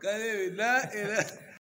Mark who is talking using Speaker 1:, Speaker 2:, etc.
Speaker 1: Kane ¿verdad? era